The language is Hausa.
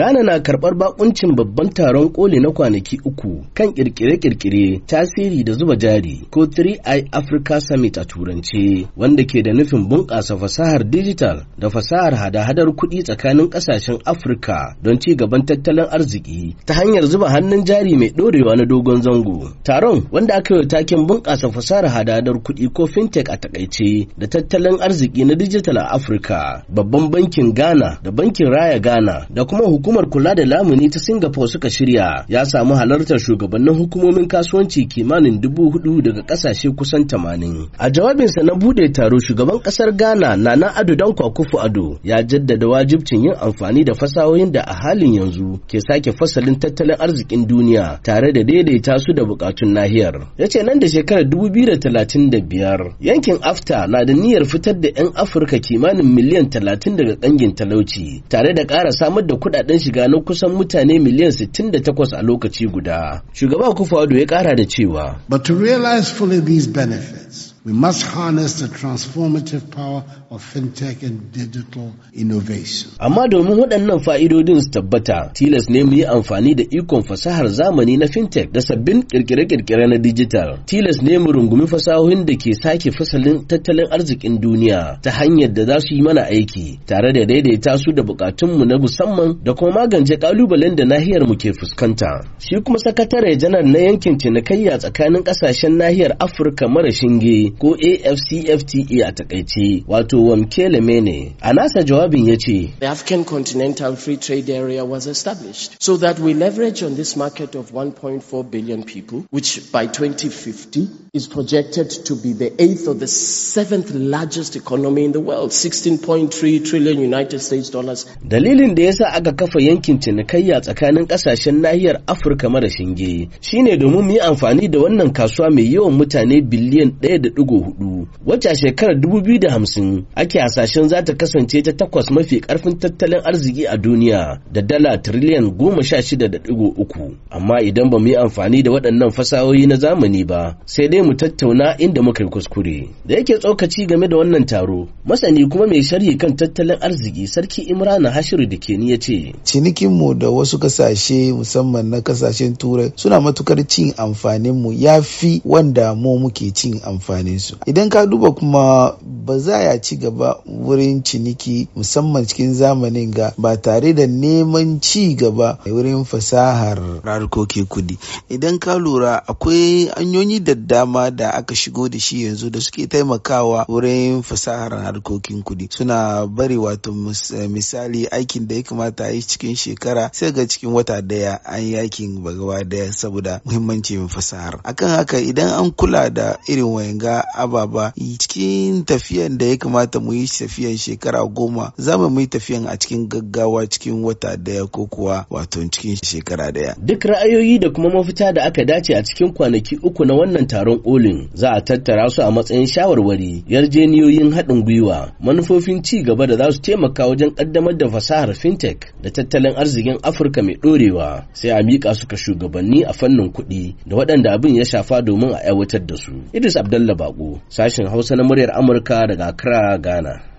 Ghana na karɓar bakuncin babban taron koli na kwanaki uku kan ƙirƙire kirkire tasiri da zuba jari ko 3i Africa Summit a turance wanda ke da nufin bunƙasa fasahar digital da fasahar hada-hadar kuɗi tsakanin ƙasashen Afirka don ci gaban tattalin arziki ta hanyar zuba hannun jari mai ɗorewa na dogon zango. Taron wanda aka yi taken bunƙasa fasahar hada-hadar kuɗi ko fintech a taƙaice da tattalin arziki na digital a Afirka babban bankin Ghana da bankin Raya Ghana da kuma hukumar hukumar kula da lamuni ta Singapore suka shirya ya samu halartar shugabannin hukumomin kasuwanci kimanin dubu hudu daga kasashe kusan tamanin. A jawabinsa na bude taro shugaban kasar Ghana na na Ado don kwakufu Ado ya jaddada wajibcin yin amfani da fasahohin da a halin yanzu ke sake fasalin tattalin arzikin duniya tare da daidaita su da bukatun nahiyar. Ya ce nan da shekarar dubu biyu da da talatin biyar yankin Afta na da niyyar fitar da 'yan Afirka kimanin miliyan talatin daga kangin talauci tare da ƙara samar da kudaden shiga na kusan mutane miliyan 68 a lokaci guda. Shugaba akufo ya kara da cewa. But to realize fully these benefits, We must harness the transformative power of fintech and digital innovation. Amma domin waɗannan fa'idodin su tabbata, tilas ne mu yi amfani da ikon fasahar zamani na fintech da sabbin ƙirƙire-ƙirƙire na digital. Tilas ne mu rungumi fasahohin da ke sake fasalin tattalin arzikin duniya ta hanyar da za su yi mana aiki, tare da daidaita su da buƙatunmu na musamman da kuma magance ƙalubalen da nahiyar mu ke fuskanta. Shi kuma sakatare janar na yankin cinikayya tsakanin ƙasashen nahiyar Afirka mara shinge ko AFCFTA e a takaice wato Wamkele Mene. A nasa jawabin ya ce, The African Continental Free Trade Area was established so that we leverage on this market of 1.4 billion people, which by 2050 is projected to be the eighth or the seventh largest economy in the world, 16.3 trillion United States dollars. Dalilin da yasa aka kafa yankin cinikayya tsakanin kasashen nahiyar Afirka mara shinge shine domin mu yi amfani da wannan kasuwa mai yawan mutane biliyan 1.5 hudu wacce a shekarar 2050 ake hasashen za ta kasance ta takwas mafi karfin tattalin arziki a duniya da dala triliyan goma sha shida da digo uku amma idan ba mu yi amfani da waɗannan fasahohi na zamani ba sai dai mu tattauna inda muka yi kuskure da yake tsokaci game da wannan taro masani kuma mai sharhi kan tattalin arziki sarki imrana hashiru da keni ya ce mu da wasu kasashe musamman na kasashen turai suna matukar cin amfanin mu ya fi wanda mu muke cin amfani su idan ka duba kuma ba za ya ci gaba wurin ciniki musamman cikin zamanin ga ba tare da neman ci gaba wurin fasahar harkokin kudi idan ka lura akwai hanyoyi da dama da aka shigo da shi yanzu da suke taimakawa wurin fasahar harkokin kudi suna bari wato misali aikin da ya kamata a yi cikin shekara sai ga cikin wata daya an yakin bagawa daya saboda muhimmancin fasahar akan haka idan an kula da irin wayanga ababa cikin tafiya tafiyan da ya kamata mu yi tafiyan shekara goma za mu yi tafiyan a cikin gaggawa cikin wata daya ko kuwa wato cikin shekara daya. Duk ra'ayoyi da kuma mafita da aka dace a cikin kwanaki uku na wannan taron kolin za a tattara su a matsayin shawarwari yarjeniyoyin haɗin gwiwa manufofin ci gaba da za su taimaka wajen ƙaddamar da fasahar fintech da tattalin arzikin Afirka mai ɗorewa sai a miƙa su shugabanni a fannin kuɗi da waɗanda abin ya shafa domin a aiwatar da su. Idris Abdallah Bako sashen Hausa na muryar Amurka daga Accra, Ghana.